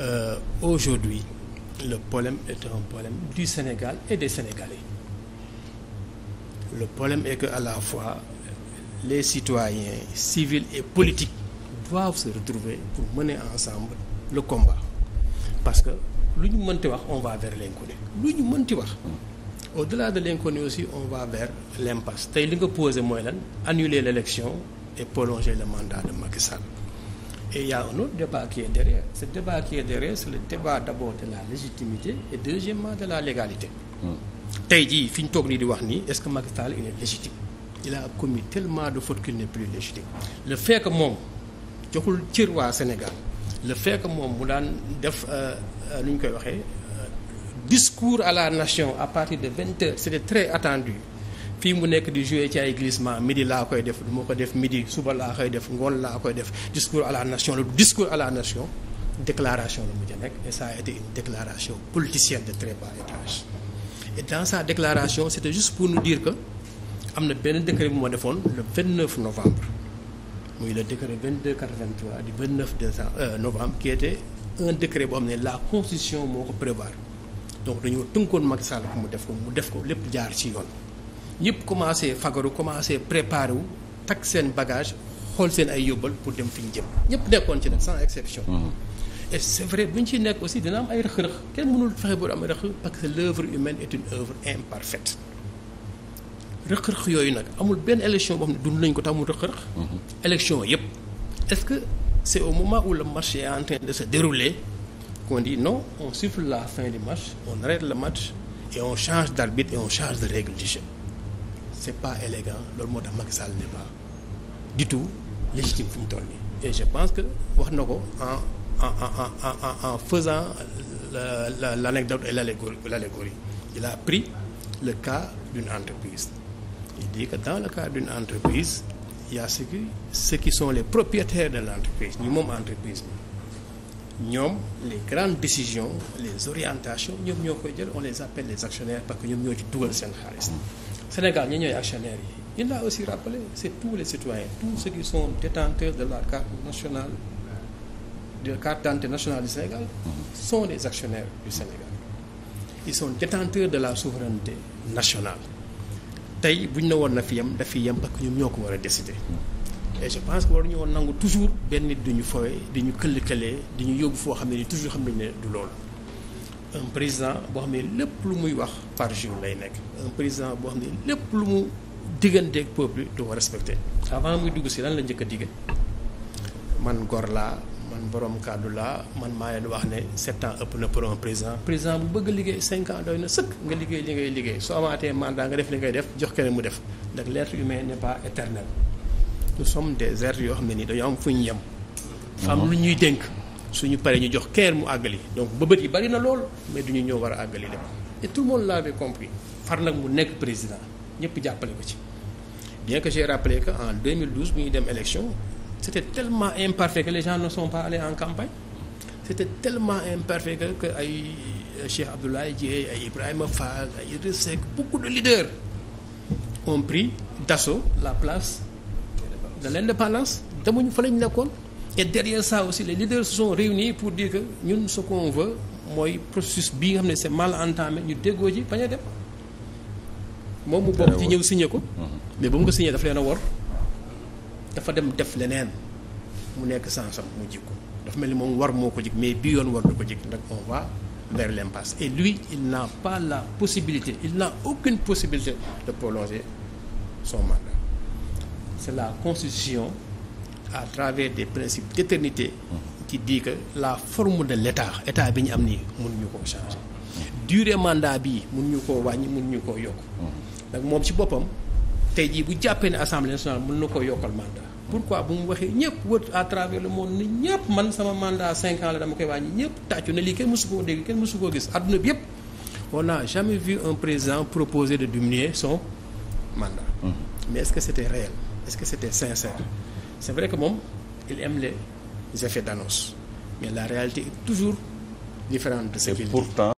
euh, aujourd'hui le problème est un problème du Sénégal et des Sénégalais le problème est que à la fois les citoyens civils et politiques doivent se retrouver pour mener ensemble le combat parce que lu ñu mënti wax on va vers l'inconnu lu ñu mënti wax au-delà de l'inconnu aussi on va vers l'impasse tey li nga posé mooy lan annuler l'élection et prolonger le mandat de Macky Sall Et il y a un autre débat qui est derrière. c'est le débat d'abord de la légitimité et deuxièmement de la légalité. Hmm. tey jii fi ñu toog nii di wax nii est-ce que Macky Sall il est légitime il a commis tellement de fautes qu'il n'est plus légitime. le fait que moom joxul cër waa Sénégal le fait que moom mu daan def lu euh, euh, ñu koy waxee euh, discours à la nation à partir de vingt heures c'était très attendu. fii mu nekk di jouer ci ay glissement midi laa koy def du ko def midi suba laa koy def ngoon laa koy def discours à la nation le discours à la nation déclaration la mujj nekk et ça a été une déclaration politicienne de très bas étage et dans sa déclaration c'était juste pour nous dire que am na benn décret bu ma le 29 novembre muy le décret 22 83 du 29 décembre euh, novembre qui était un décret boo xam ne la constitution moo ko prévoir donc dañoo tënkoon Macky Sall mu def ko mu def ko lépp jaar ci yoon. ñëpp commencé fagaru commencé préparé wu takk seen bagage xool seen ay yóbbal pour dem fi ñu jëm ñëpp nekkoon ci nag sans exception. Mm-hmm. et c' est vrai ciy nekk aussi dina am ay rëq-rëq kenn mënul fexe bu am ay rëq parce que l' œuvre yooyu nag amul benn élection boo xam ne dund nañ ko te amul rëq-rëq. Mm-hmm. élection yëpp est ce que c' est au moment où le match est en train de se dérouler qu' on dit non la fin du match on arrête le match et on change d' et on change de règle du jeu. c'est pas élégant loolu moo tax Macky Sall n'est pas du tout légitime fu mu toll nii et je pense que wax na ko en en en en en la la l'anecdote et l'allégorie l'allégorie il a pris le cas d'une entreprise il dit que dans le cas d'une entreprise il y a ceux qui ceux qui sont les propriétaires de l'entreprise ñu moom entreprise bi ñoom les grandes décisions les orientations ñoom ñoo koy jël on les appelle les actionnaires parce que ñoom ñoo ci dugal seen xaalis Sénégal ñi ñooy actionnaire yi il l'a aussi rappelé c'est tous les citoyens tous ceux qui sont détenteurs de la carte nationale de la carte d'identité nationale du Sénégal mhm. sont des actionnaires du Sénégal ils sont détenteurs de la souveraineté nationale tey bu ñu ne woon na fi yem daf fi yem parce que ñoo ko war a décider et je pense que waruñu woon nangu toujours benn nit di ñu fowee di ñu këll-këlee di ñu yóbbu foo xam ne ni toujours xam nañ ne du loolu un président boo xam ne lépp lu muy wax par jour lay nekk un président boo xam ne lépp lu mu digganteeg peuple du ko respecté avant muy dugg si lan la njëkk a diggan man gor laa man borom kàddu laa man maa leen wax ne sept ans ëpp na pour un président président bu bëgg liggéey cinq ans doy na sëkk nga liggéey li ngay liggéey soo amaatee mandat nga def li ngay def jox keneen mu def ndax l'être humain n'est pas éternel nous sommes des êtres yoo xam ne nii dañoo fu ñu yem lu ñuy dénk suñu paree ñu jox keer mu àggali donc bëbët yi bari na lool mais du ñu ñëw war a àggali dem et tout le monde l'avait compris far nag mu nekk président ñëpp jàppale ko ci bien que j'ai rappelé que en 2012 bu ñuy dem élection c'était tellement imparfait que les gens ne sont pas allés en campagne c'était telement imparfait que que ay euh, Cheikh Abdoulaye Dièye ay Ibrahima Fall ay Idrissa Seck beaucoup de leaders ont pris la place de l'indépendance demuñu fa lañ nekkoon et derrière ça aussi les leaders se sont réunis pour dire que ñun ce qu'on mooy processus bi nga xam ne c'est mal entamé ñu déggoo ci bañ a dem moom mu bokk ci ñëw signé ko mais ba mu ko signé dafa leen a wor dafa dem def leneen mu nekk sansam mu jikko dafa mel ni moom war moo ko jik mais bii yoon war du ko jik nag on va vers l'impasse et lui il n'a pas la possibilité il n'a aucune possibilité de prolonger son mandat c'est la constitution à travers des principes d'éternité qui dit que la forme de l'état état bi ñu am nii mënuñu koo changer durée mandat bi mënuñu koo wàññi mënuñu koo yokk nag moom ci boppam tey jii bu jàppee ne assemblée nationale mën na koo yokkal mandat pourquoi bu mu waxee ñëpp wër à travers le monde ni ñëpp man sama mandat cinq ans la dama koy wàññi ñëpp tàccu na lii kenn mësu koo dégg kenn mësu koo gis adduna bi yëpp on n'a jamais vu un président proposer de diminuer son mandat mm-hmm. mais est-ce que c'était réel est-ce que c'était sincère c'est vrai que moom il aime les effets d'annonce mais la réalité est toujours différente de ce qu'il dit.